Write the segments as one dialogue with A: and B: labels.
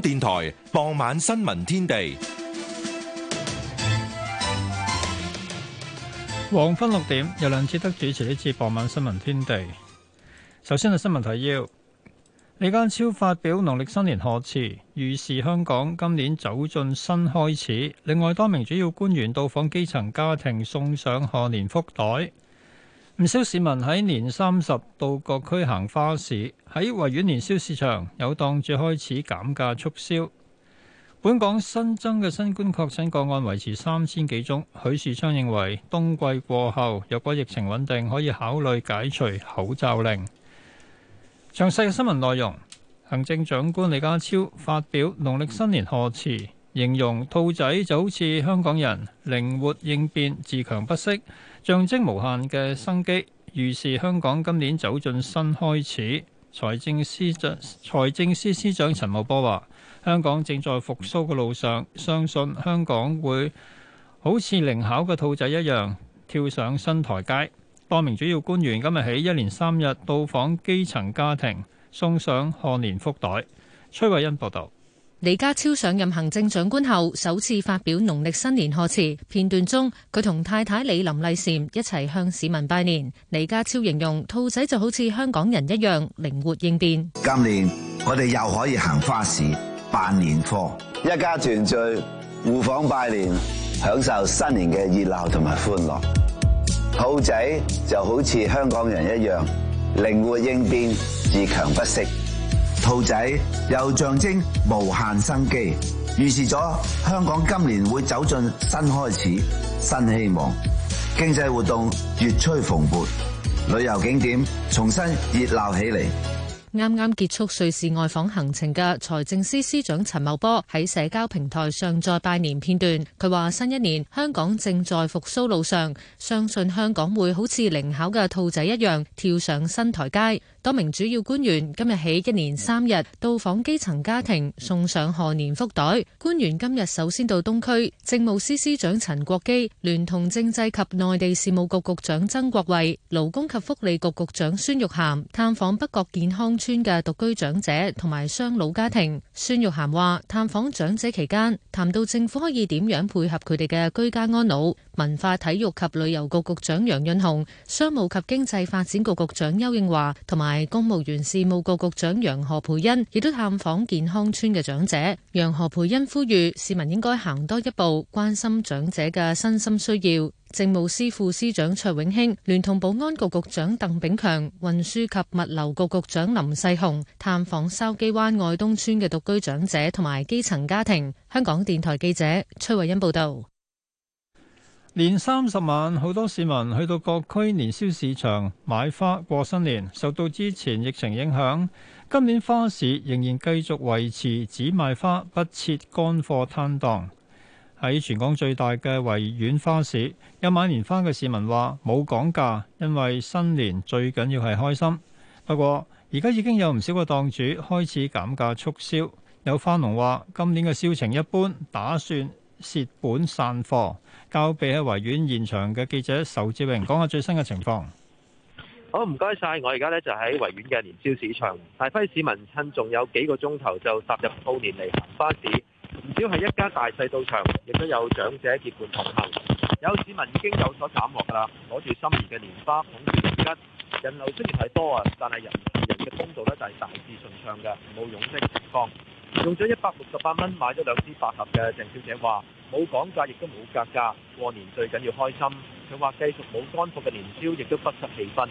A: 電台傍晚新
B: 聞天地，黃昏六點由梁志德主持呢次傍晚新聞天地。首先係新聞提要，李家超發表農曆新年賀詞，預示香港今年走進新開始。另外，多名主要官員到訪基層家庭，送上賀年福袋。唔少市民喺年三十到各區行花市，喺維園年宵市場有檔主開始減價促銷。本港新增嘅新冠確診個案維持三千幾宗。許樹昌認為，冬季過後，若果疫情穩定，可以考慮解除口罩令。詳細嘅新聞內容，行政長官李家超發表農曆新年賀詞，形容兔仔就好似香港人靈活應變、自強不息。象徵無限嘅生機，預示香港今年走進新開始。財政司長，財政司司長陳茂波話：香港正在復甦嘅路上，相信香港會好似靈巧嘅兔仔一樣跳上新台階。多名主要官員今日起一連三日到訪基層家庭，送上賀年福袋。崔慧欣報道。
C: 李家超上任行政長官後，首次發表農曆新年賀詞。片段中，佢同太太李林麗嬋一齊向市民拜年。李家超形容兔仔就好似香港人一樣靈活應變。今
D: 年我哋又可以行花市、辦年貨、一家團聚、互訪拜年，享受新年嘅熱鬧同埋歡樂。兔仔就好似香港人一樣靈活應變、自強不息。兔仔又象徵無限生機，預示咗香港今年會走進新開始、新希望，經濟活動越趨蓬勃，旅遊景點重新熱鬧起嚟。
C: 啱啱結束瑞士外訪行程嘅財政司司長陳茂波喺社交平台上載拜年片段，佢話新一年香港正在復蘇路上，相信香港會好似靈巧嘅兔仔一樣跳上新台階。多名主要官員今日起一連三日到訪基層家庭送上賀年福袋。官員今日首先到東區，政務司司長陳國基聯同政制及內地事務局局長曾國衛、勞工及福利局局長孫玉菡探訪北角健康村嘅獨居長者同埋雙老家庭，孫玉涵話：探訪長者期間，談到政府可以點樣配合佢哋嘅居家安老。文化體育及旅遊局局長楊潤雄、商務及經濟發展局局長邱應華同埋公務員事務局局長楊何培恩亦都探訪健康村嘅長者。楊何培恩呼籲市民應該行多一步，關心長者嘅身心需要。政務司副司長卓永興聯同保安局局長鄧炳強、運輸及物流局局長林世雄探訪筲箕灣愛東邨嘅獨居長者同埋基層家庭。香港電台記者崔慧欣報導。
B: 年三十晚，好多市民去到各區年宵市場買花過新年。受到之前疫情影響，今年花市仍然繼續維持只賣花不設乾貨攤檔。喺全港最大嘅維園花市，有買年花嘅市民話冇講價，因為新年最緊要係開心。不過而家已經有唔少嘅檔主開始減價促銷，有花農話今年嘅銷情一般，打算蝕本散貨。交俾喺維園現場嘅記者仇志榮講下最新嘅情況。
D: 好，唔該晒，我而家呢就喺維園嘅年宵市場，大批市民趁仲有幾個鐘頭就踏入兔年嚟，行花市。唔少係一家大細到場，亦都有長者結伴同行，有市民已經有所斬獲啦，攞住心儀嘅蓮花，捧住吉，人流雖然係多啊，但係人行嘅通道呢就係、是、大致順暢嘅，冇擁擠情況。用咗一百六十八蚊買咗兩支百合嘅鄭小姐話：冇講價亦都冇格價，過年最緊要開心。佢話繼續冇乾貨嘅年宵，亦都不失氣氛。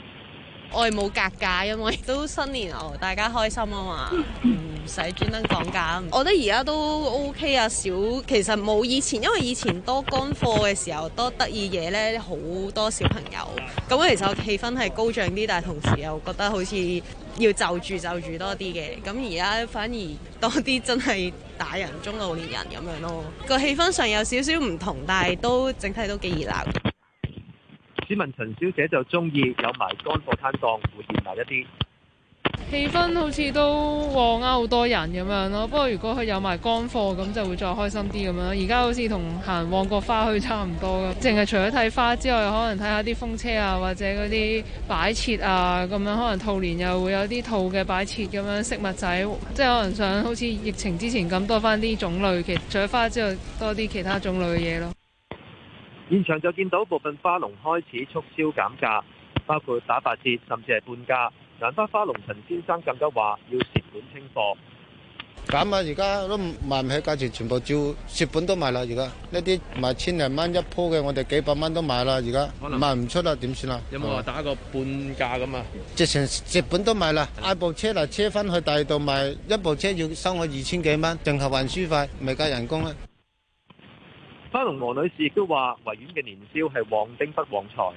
C: 我哋冇格價，因為都新年哦，大家開心啊嘛。 唔使專登講價。我覺得而家都 OK 啊，少其實冇以前，因為以前多乾貨嘅時候多得意嘢呢。好多小朋友。咁其實氣氛係高漲啲，但係同時又覺得好似要就住就住多啲嘅。咁而家反而多啲真係大人中老年人咁樣咯。個氣氛上有少少唔同，但係都整體都幾熱鬧。
D: 市民陳小姐就中意有埋乾貨攤檔會熱鬧一啲。
C: 氣氛好似都旺啱好多人咁樣咯，不過如果佢有埋乾貨，咁就會再開心啲咁樣。而家好似同行旺角花墟差唔多咁，淨係除咗睇花之外，可能睇下啲風車啊，或者嗰啲擺設啊咁樣。可能兔年又會有啲兔嘅擺設咁樣飾物仔，即係可能想好似疫情之前咁多翻啲種類嘅。除咗花之外，多啲其他種類嘅嘢咯。
D: 現場就見到部分花農開始促銷減價，包括打八折甚至係半價。蘭花花龍陳先生更加話要蝕本清貨，
B: 咁啊！而家都賣唔起價錢，全部照蝕本都賣啦！而家呢啲賣千零蚊一鋪嘅，我哋幾百蚊都賣啦！而家賣唔出啦，點算啊？有冇話
D: 打個半價咁啊？
B: 直情蝕本都賣啦！嗌部車啦，車返去大度賣，一部車要收我二千幾蚊，淨係運輸費，未計人工啦。
D: 花龍王女士都話，維園嘅年宵係旺丁不旺財。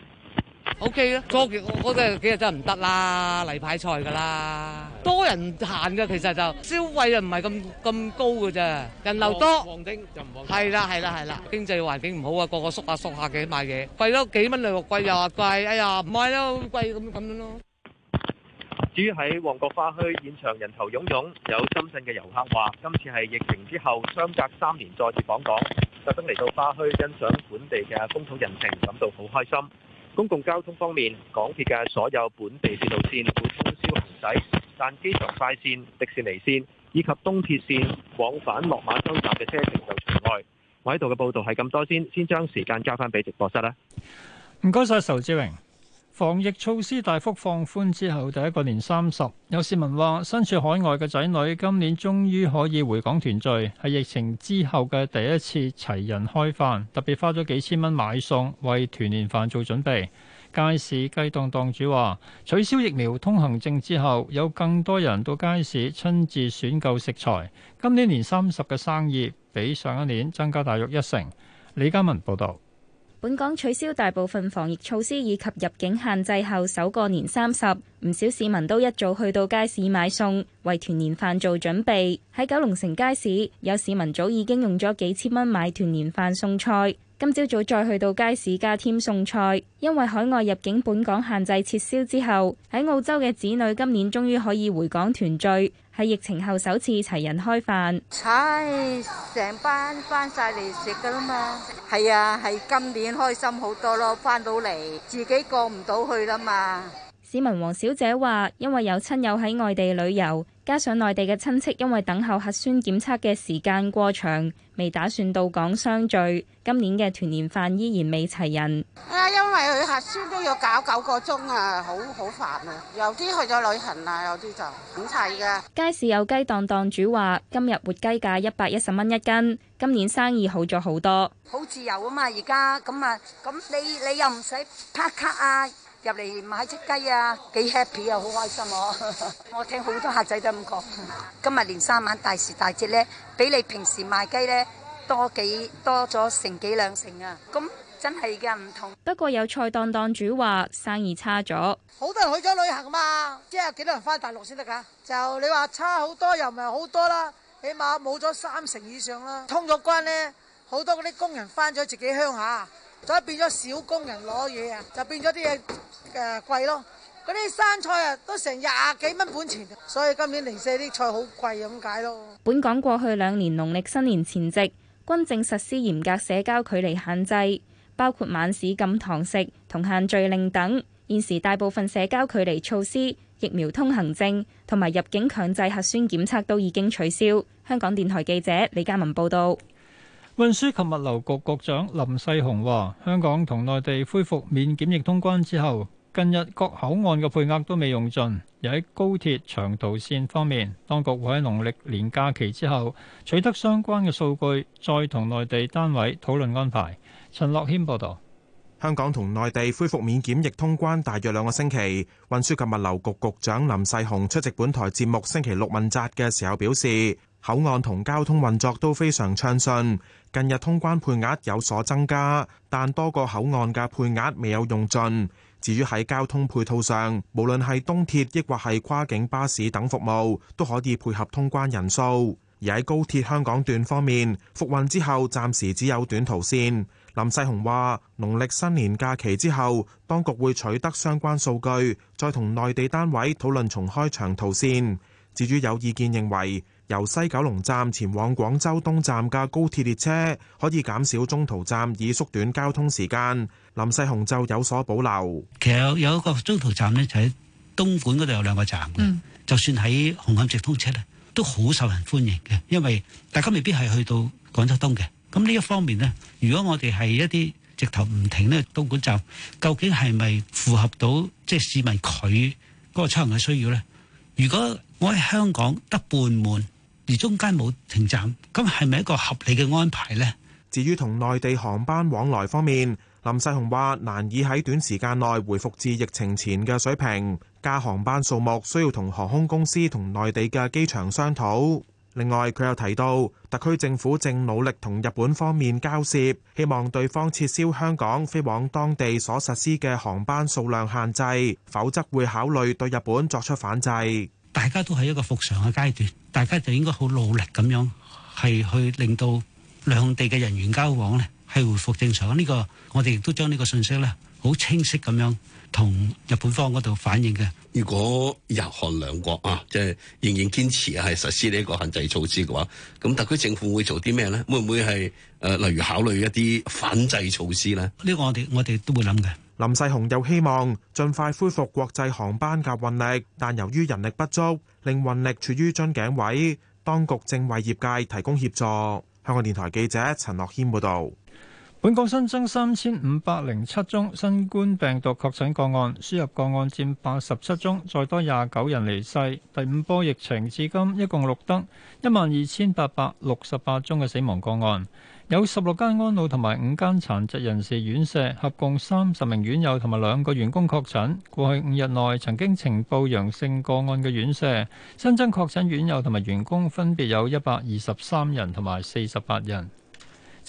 C: O K 啦，過幾我哋幾日真係唔得啦，例牌賽噶啦，多人行嘅其實就消費又唔係咁咁高嘅啫，人流多，環境就唔好，係啦係啦係啦，經濟環境唔好啊，個個縮下縮下嘅買嘢，貴都幾蚊嚟，話貴又話貴，哎呀唔買都貴咁咁樣咯。至於喺旺角花
D: 墟現場人頭湧湧，有深圳嘅遊客話：今次係疫情之後相隔三年再次訪港，特登嚟到花墟欣賞本地嘅風土人情，感到好開心。公共交通方面，港鐵嘅所有本地鐵路線會通宵行駛，但機場快線、迪士尼線以及東鐵線往返落馬洲站嘅車程就除外。我喺度嘅報道係咁多先，先將時間交翻俾直播室啦。
B: 唔該晒，仇志榮。防疫措施大幅放寬之後，第一個年三十，有市民話身處海外嘅仔女今年終於可以回港團聚，係疫情之後嘅第一次齊人開飯，特別花咗幾千蚊買餸，為團年飯做準備，街市雞檔檔主話取消疫苗通行證之後，有更多人到街市親自選購食材。今年年三十嘅生意比上一年增加大約一成。李嘉文報道。
E: 本港取消大部分防疫措施以及入境限制後，首個年三十，唔少市民都一早去到街市買餸，為團年飯做準備。喺九龍城街市，有市民早已經用咗幾千蚊買團年飯餸菜，今朝早，早再去到街市加添餸菜，因為海外入境本港限制撤銷之後，喺澳洲嘅子女今年終於可以回港團聚。係疫情後首次齊人開飯，
C: 唉，成班
F: 翻晒嚟食噶啦嘛。係啊，係今年開心好多咯，翻到嚟
C: 自己過唔到去啦嘛。
E: 市民黃小姐話，因為有親友喺外地旅遊。加上內地嘅親戚因為等候核酸檢測嘅時間過長，未打算到港相聚，今年嘅團年飯依然未齊人。
F: 啊，因為佢核酸都要搞九個鐘啊，好好煩啊！有啲去咗旅行啦，有啲就唔齊
C: 嘅。
E: 街市有雞檔，檔主話今日活雞價一百一十蚊一斤，今年生意好咗好多。
C: 好自由啊嘛，而家咁啊，咁你你又唔使拍卡啊。入嚟買隻雞啊，幾 happy 啊，好開心喎啊！ 我聽好多客仔都咁講，今日連三晚大時大節咧，比你平時賣雞咧多幾多咗成幾兩成啊！咁真係嘅，唔同。
E: 不過有菜檔檔主話生意差咗，
C: 好多人去咗旅行嘛，即係有幾多人翻大陸先得㗎？
F: 就你話差好多又唔係好多啦，起碼冇咗三成以上啦。通咗關咧，好多嗰啲工人翻咗自己鄉下。就變咗小工人攞嘢啊，就變咗啲嘢誒貴咯。嗰啲生菜啊，都成廿幾蚊本錢，所以今年零舍啲菜好貴，咁解咯。
E: 本港過去兩年農曆新年前夕，均政實施嚴格社交距離限制，包括晚市禁堂食同限聚令等。現時大部分社交距離措施、疫苗通行證同埋入境強制核酸檢測都已經取消。香港電台記者李嘉文報道。
B: 運輸及物流局局長林世雄話，香港同內地恢復免檢疫通關之後，近日各口岸嘅配額都未用盡。又喺高鐵長途線方面，當局會喺農曆年假期之後取得相關嘅數據，再同內地單位討論安排。陳樂謙報道。
G: 香港
B: 同內地恢復
G: 免檢疫通關大約兩個星期，運輸及物流局局長林世雄出席本台節目星期六問責嘅時候表示。口岸同交通運作都非常暢順。近日通關配額有所增加，但多個口岸嘅配額未有用盡。至於喺交通配套上，無論係東鐵，抑或係跨境巴士等服務，都可以配合通關人數。而喺高鐵香港段方面，復運之後暫時只有短途線。林世雄話：農曆新年假期之後，當局會取得相關數據，再同內地單位討論重開長途線。至於有意見認為。由西九龍站前往廣州東站嘅高鐵列車可以減少中途站，以縮短交通時間。林世雄就有所保
H: 留。其實有一個中途站咧，就喺東莞嗰度有兩個站嘅。嗯、就算喺紅磡直通車咧，都好受人歡迎嘅，因為大家未必係去到廣州東嘅。咁呢一方面咧，如果我哋係一啲直頭唔停咧，東莞站究竟係咪符合到即係、就是、市民佢嗰個出行嘅需要咧？如果我喺香港得半滿。而中間冇停站，咁係咪一個合理嘅安
G: 排呢？至於同內地航班往來方面，林世雄話：難以喺短時間內回復至疫情前嘅水平，加航班數目需要同航空公司同內地嘅機場商討。另外，佢又提到，特區政府正努力同日本方面交涉，希望對方撤銷香港飛往當地所實施嘅航班數量限制，否則會考慮對日本作出反制。
H: 大家都係一個復常嘅階段，大家就應該好努力咁樣係去令到兩地嘅人員交往咧係回復正常。呢個我哋亦都將呢個信息咧好清晰咁樣同日本方嗰度反映嘅。
D: 如果日韓兩國啊，即係仍然堅持係實施呢個限制措施嘅話，咁特區政府會做啲咩咧？會唔會係誒例如考慮一啲反制措施咧？
H: 呢個我哋我哋都會諗嘅。林世
G: 雄又希望盡快恢復國際航班及運力，但由於人力不足，令運力處於樽頸位。當局正為業界提供協助。香港電台記者
B: 陳樂軒報導。本港新增三千五百零七宗新冠病毒確診個案，輸入個案佔八十七宗，再多廿九人離世。第五波疫情至今一共錄得一萬二千八百六十八宗嘅死亡個案。有十六間安老同埋五間殘疾人士院舍合共三十名院友同埋兩個員工確診。過去五日內曾經呈報陽性個案嘅院舍，新增確診院友同埋員工分別有一百二十三人同埋四十八人。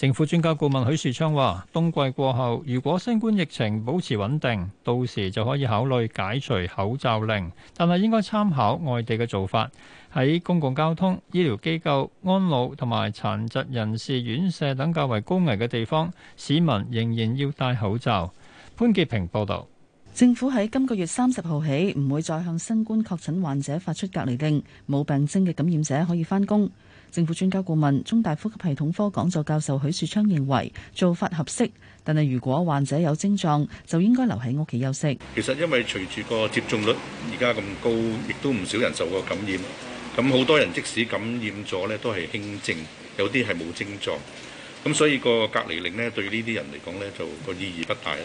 B: 政府專家顧問許樹昌話：冬季過後，如果新冠疫情保持穩定，到時就可以考慮解除口罩令。但係應該參考外地嘅做法，喺公共交通、醫療機構、安老同埋殘疾人士院舍等較為高危嘅地方，市民仍然要戴口罩。潘潔平報導。
F: 政府喺今個月三十號起，唔會再向新冠確診患者發出隔離令，冇病徵嘅感染者可以返工。政府專家顧問、中大呼吸系統科講座教授許樹昌認為，做法合適，但係如果患者有症狀，就應該留喺屋企休息。
A: 其實因為隨住個接種率而家咁高，亦都唔少人受過感染，咁好多人即使感染咗呢，都係輕症，有啲係冇症狀，咁所以個隔離令呢，對呢啲人嚟講呢，就個意義不大啦。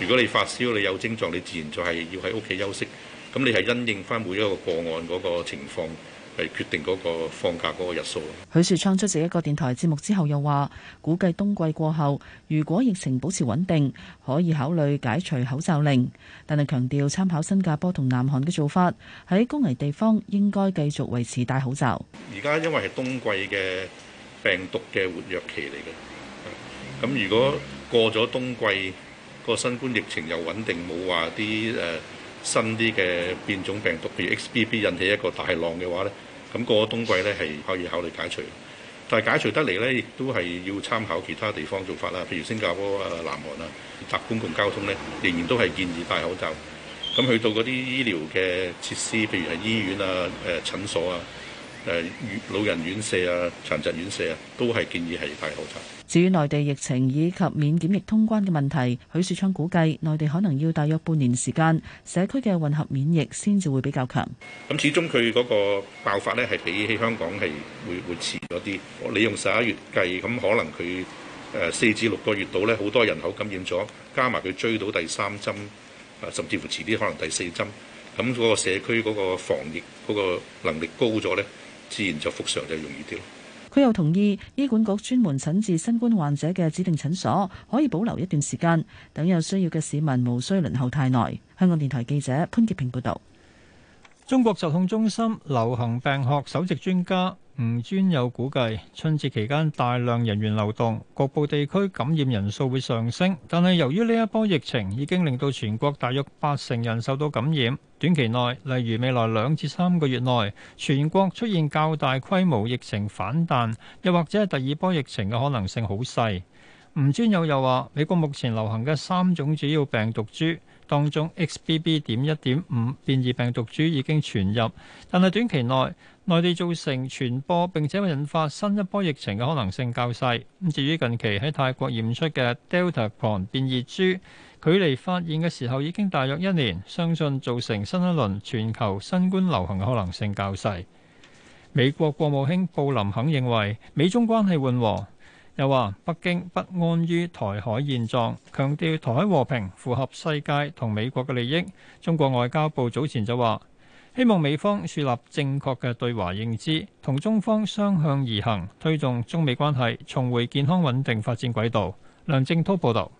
A: 如果你發燒、你有症狀，你自然就係要喺屋企休息，咁你係因應翻每一個個案嗰個情況。係決定嗰個放假嗰個日數。
F: 許樹昌出席一個電台節目之後，又話：估計冬季過後，如果疫情保持穩定，可以考慮解除口罩令。但係強調參考新加坡同南韓嘅做法，喺高危地方應該繼續維持戴口罩。
A: 而家因為係冬季嘅病毒嘅活躍期嚟嘅，咁如果過咗冬季個新冠疫情又穩定，冇話啲誒新啲嘅變種病毒，譬如 XBB 引起一個大浪嘅話咧。咁過個冬季咧係可以考慮解除，但係解除得嚟咧，亦都係要參考其他地方做法啦。譬如新加坡啊、南韓啊，搭公共交通咧仍然都係建議戴口罩。咁去到嗰啲醫療嘅設施，譬如係醫院啊、誒、呃、診所啊、誒、呃、老人院舍啊、殘疾院舍啊，都係建議係戴口罩。
F: 至於內地疫情以及免檢疫通關嘅問題，許樹昌估計內地可能要大約半年時間，社區嘅混合免疫先至會比較強。
A: 咁始終佢嗰個爆發呢係比起香港係會會遲咗啲。你用十一月計，咁可能佢誒四至六個月度呢，好多人口感染咗，加埋佢追到第三針，啊，甚至乎遲啲可能第四針，咁、那、嗰個社區嗰個防疫嗰個能力高咗呢，自然就復常就容易啲咯。
F: 佢又同意，醫管局專門診治新冠患者嘅指定診所可以保留一段時間，等有需要嘅市民無需輪候太耐。香港電台記者潘潔平報導。
B: 中國
F: 疾控中心
B: 流行病學首席專家。吳尊友估計，春節期間大量人員流動，局部地區感染人數會上升。但係由於呢一波疫情已經令到全國大約八成人受到感染，短期內，例如未來兩至三個月內，全國出現較大規模疫情反彈，又或者係第二波疫情嘅可能性好細。吳尊友又話，美國目前流行嘅三種主要病毒株當中，XBB 點一點五變異病毒株已經傳入，但係短期內，內地造成傳播並且引發新一波疫情嘅可能性較細。咁至於近期喺泰國驗出嘅 Delta 狂變異株，距離發現嘅時候已經大約一年，相信造成新一輪全球新冠流行嘅可能性較細。美國國務卿布林肯認為美中關係緩和，又話北京不安於台海現狀，強調台海和平符合世界同美國嘅利益。中國外交部早前就話。希望美方樹立正確嘅對華認知，同中方相向而行，推動中美關係重回健康穩定發展軌道。梁正濤報道。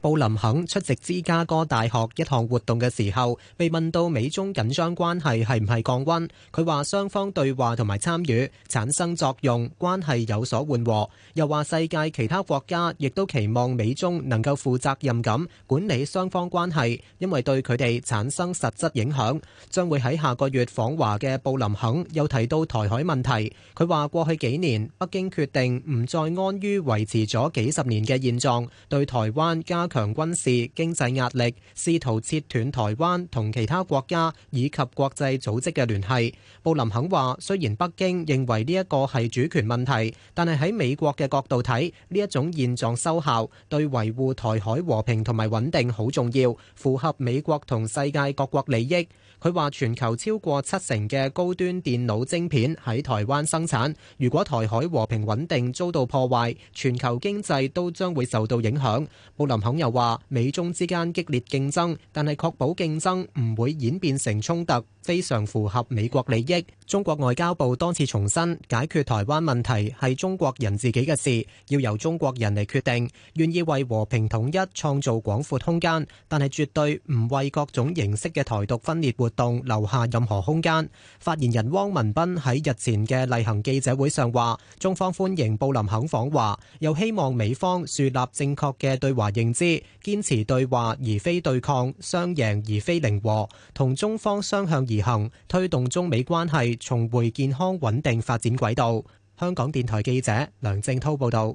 B: 布林肯出席芝加哥大學
I: 一項活動嘅時候，被問到美中緊張關係係唔係降溫，佢話雙方對話同埋參與產生作用，關係有所緩和。又話世界其他國家亦都期望美中能夠負責任咁管理雙方關係，因為對佢哋產生實質影響。將會喺下個月訪華嘅布林肯又提到台海問題，佢話過去幾年北京決定唔再安於維持咗幾十年嘅現狀，對台灣加。強軍事、經濟壓力，試圖切斷台灣同其他國家以及國際組織嘅聯繫。布林肯話，雖然北京認為呢一個係主權問題，但係喺美國嘅角度睇，呢一種現狀收效，對維護台海和平同埋穩定好重要，符合美國同世界各國利益。佢話：全球超過七成嘅高端電腦晶片喺台灣生產。如果台海和平穩定遭到破壞，全球經濟都將會受到影響。布林肯又話：美中之間激烈競爭，但係確保競爭唔會演變成衝突，非常符合美國利益。中國外交部多次重申：解決台灣問題係中國人自己嘅事，要由中國人嚟決定，願意為和平統一創造廣闊空間，但係絕對唔為各種形式嘅台獨分裂活動留下任何空間。發言人汪文斌喺日前嘅例行記者會上話，中方歡迎布林肯訪華，又希望美方樹立正確嘅對華認知，堅持對話而非對抗，雙贏而非零和，同中方雙向而行，推動中美關係重回健康穩定發展軌道。香港電台記者梁正濤報道。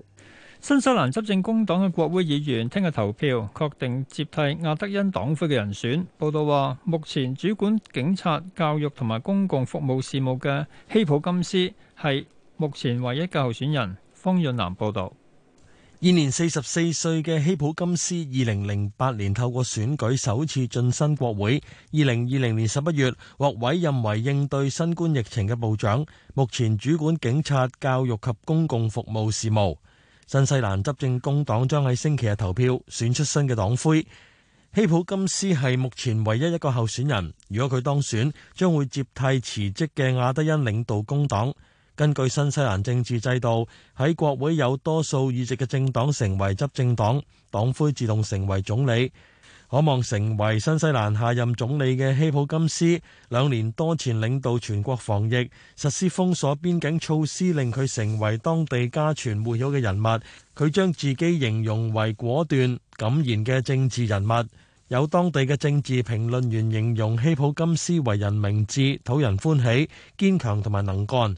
B: 新西蘭執政工黨嘅國會議員聽日投票，確定接替亞德恩黨魁嘅人選。報道話，目前主管警察、教育同埋公共服務事務嘅希普金斯係目前唯一嘅候選人。方潤南報道，現年四十四歲嘅希普金斯，二零零八年透過選舉首
H: 次晉身國會，二零二零年十一月獲委任為應對新冠疫情嘅部長，目前主管警察、教育及公共服務事務。新西蘭執政工黨將喺星期日投票選出新嘅黨魁，希普金斯係目前唯一一個候選人。如果佢當選，將會接替辭職嘅亞德恩領導工黨。根據新西蘭政治制度，喺國會有多數議席嘅政黨成為執政黨，黨魁自動成為總理。可望成為新西蘭下任總理嘅希普金斯，兩年多前領導全國防疫，實施封鎖邊境措施，令佢成為當地家傳戶曉嘅人物。佢將自己形容為果斷、敢言嘅政治人物。有當地嘅政治評論員形容希普金斯為人明智、討人歡喜、堅強同埋能幹。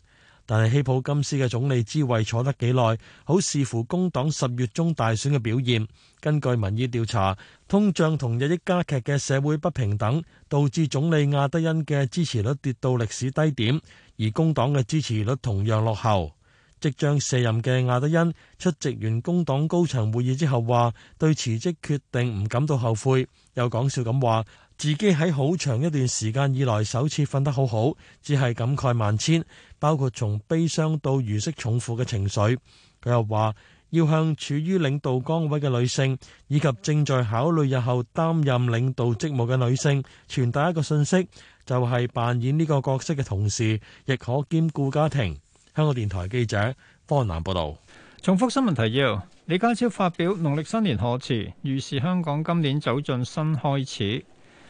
H: 但係希普金斯嘅總理之位坐得幾耐，好視乎工黨十月中大選嘅表現。根據民意調查，通脹同日益加劇嘅社會不平等，導致總理亞德恩嘅支持率跌到歷史低點，而工黨嘅支持率同樣落後。即將卸任嘅亞德恩出席完工黨高層會議之後，話對辭職決定唔感到後悔，又講笑咁話自己喺好長一段時間以來首次瞓得好好，只係感慨萬千，包括從悲傷到如釋重負嘅情緒。佢又話：要向處於領導崗位嘅女性，以及正在考慮日後擔任領導職務嘅女性，傳達一個信息，就係扮演呢個角色嘅同事亦
B: 可兼顧家庭。香港電台記者方南報道。重複新聞提要：李家超發表農曆新年賀詞，預示香港今年走進新開始。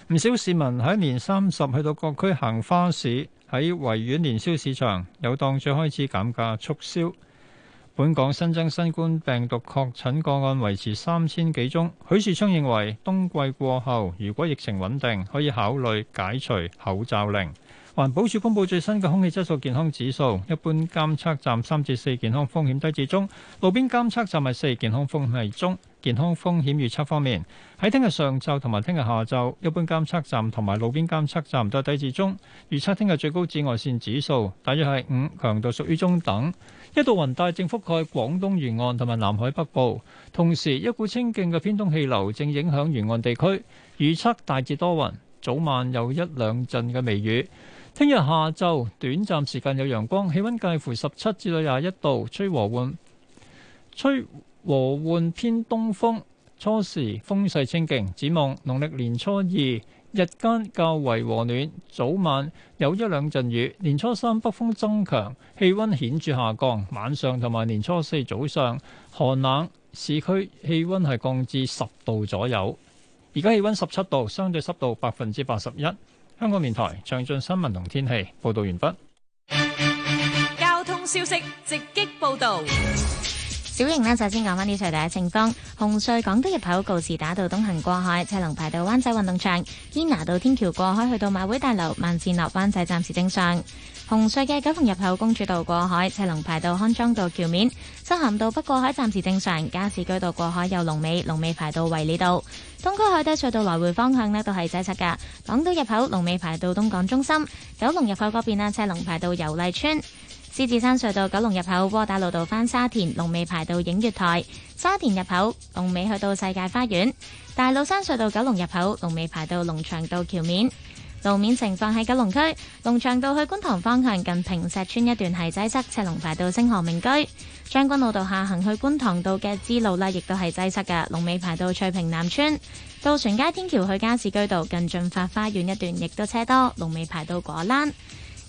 B: 唔少市民喺年三十去到各區行花市，喺維園年宵市場有檔主開始減價促銷。本港新增新冠病毒確診個案維持三千幾宗。許樹昌認為冬季過後，如果疫情穩定，可以考慮解除口罩令。環保署公布最新嘅空氣質素健康指數，一般監測站三至四，健康風險低至中，路邊監測站係四，健康風險係中。健康風險預測方面，喺聽日上晝同埋聽日下晝一般監測站同埋路邊監測站都係低至中。預測聽日最高紫外線指數大約係五，強度屬於中等。一道雲帶正覆蓋廣東沿岸同埋南海北部，同時一股清勁嘅偏東氣流正影響沿岸地區，預測大致多雲，早晚有一兩陣嘅微雨。聽日下晝短暫時間有陽光，氣溫介乎十七至到廿一度，吹和緩。吹。和緩偏東風，初時風勢清勁。展望農曆年初二日間較為和暖，早晚有一兩陣雨。年初三北風增強，氣溫顯著下降，晚上同埋年初四早上寒冷，市區氣溫係降至十度左右。而家氣溫十七度，相對濕度百分之八十一。香港電台詳盡新聞同天氣報道完畢。
C: 交通消息直擊報道。
J: 小瑩呢，首先講翻呢啲隧道嘅情況。紅隧港島入口告士打道東行過海，赤龍排到灣仔運動場堅拿道天橋過海去到馬會大樓慢線落灣仔暫時正常。紅隧嘅九龍入口公主道過海，赤龍排到康莊道橋面漆咸道北過海暫時正常。加士居道過海有龍尾，龍尾排到衛理道。東區海底隧道來回方向呢，都係擠塞噶。港島入口龍尾排到東港中心，九龍入口嗰邊啊，赤龍排到油麗村。獅子山隧道九龍入口窩打老道返沙田龍尾排到映月台，沙田入口龍尾去到世界花園；大老山隧道九龍入口龍尾排到龍翔道橋面。路面情況喺九龍區，龍翔道去觀塘方向近坪石村一段係擠塞，車龍排到星河名居。將軍澳道下行去觀塘道嘅支路呢，亦都係擠塞嘅，龍尾排到翠屏南村。渡船街天橋去加士居道近駿發花園一段亦都車多，龍尾排到果欄。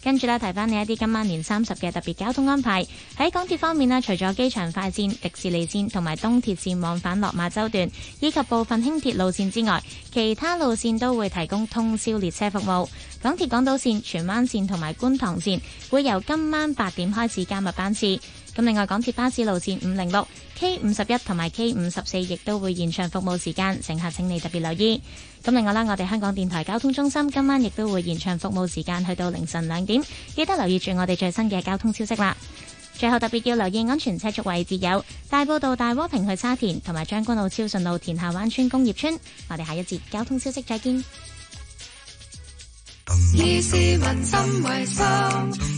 J: 跟住咧，提翻你一啲今晚年三十嘅特別交通安排。喺港鐵方面咧，除咗機場快線、迪士尼線同埋東鐵線往返落馬洲段，以及部分輕鐵路線之外，其他路線都會提供通宵列車服務。港鐵港島線、荃灣線同埋觀塘線會由今晚八點開始加密班次。咁另外，港鐵巴士路線506、K51 同埋 K54 亦都會延長服務時間，乘客請你特別留意。咁另外啦，我哋香港電台交通中心今晚亦都會延長服務時間，去到凌晨兩點，記得留意住我哋最新嘅交通消息啦。最後特別要留意安全車速位置，有大埔道大窩坪去沙田，同埋將軍澳超順路田下灣村工業村。我哋下一節交通消息再見。
C: 以市民
D: 心為心，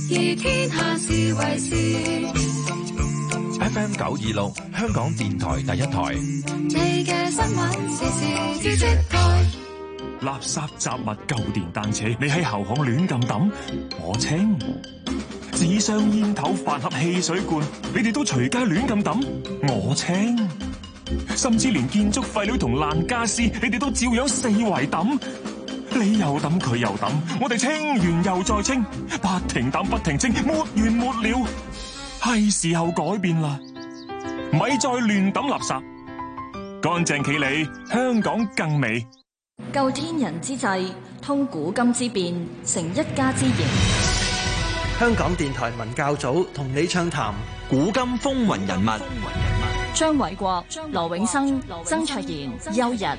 D: 以天下事為事。FM 九二六，MM、26，香港電台第一台。
F: 時
G: 時台。垃圾雜物、舊電單車，你喺後巷亂咁抌，我清。紙箱、煙頭、飯盒、汽水罐，你哋都隨街亂咁抌，我清。甚至連建築廢料同爛家私，你哋都照樣四圍抌。你又抌，佢又抌，我哋清完又再清，不停抌不停清，沒完沒了。係時候改變啦，咪再亂抌垃圾，乾淨企理，香港更美。究天
E: 人之際，通古今之變，成一家之言。
D: 香港電台文教組同你暢談古今風雲人物。
F: 張偉國、羅永生、曾卓然、邱逸。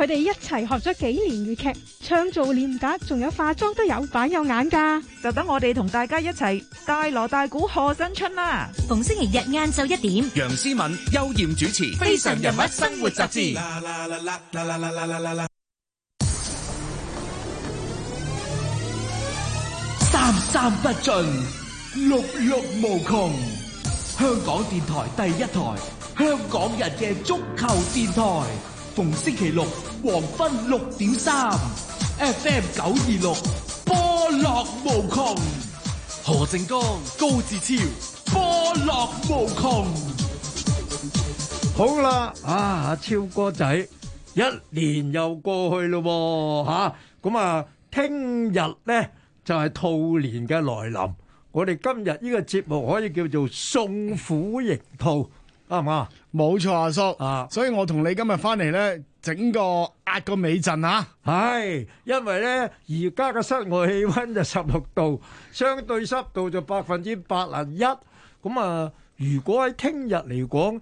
F: 佢哋一齊學咗幾年粵劇，唱做念打，仲有化妝都有板有眼噶。就等我哋同大家一齊大鑼大鼓賀新春啦！逢星期日
C: 晏晝一點，楊思
G: 敏、邱艷主持《非常人物》生活雜誌。
F: 三三
H: 不盡，六六無窮。香港電台第一台，香港人嘅足球電台。逢星期六黃昏六點三，FM 九二六，波樂無窮。何正剛、高志超，波樂無窮。
B: 好啦，啊阿超哥仔，一年又過去咯。吓咁，啊，聽日咧就係兔年嘅來臨。我哋今日呢個節目可以叫做送虎迎兔。啱唔啱？冇、啊、錯、啊，阿叔，啊、所以我同你今日翻嚟咧，整個壓個尾陣嚇、啊。唉，因為咧而家嘅室外氣温就十六度，相對濕度就百分之八十一。咁啊，如果喺聽日嚟講，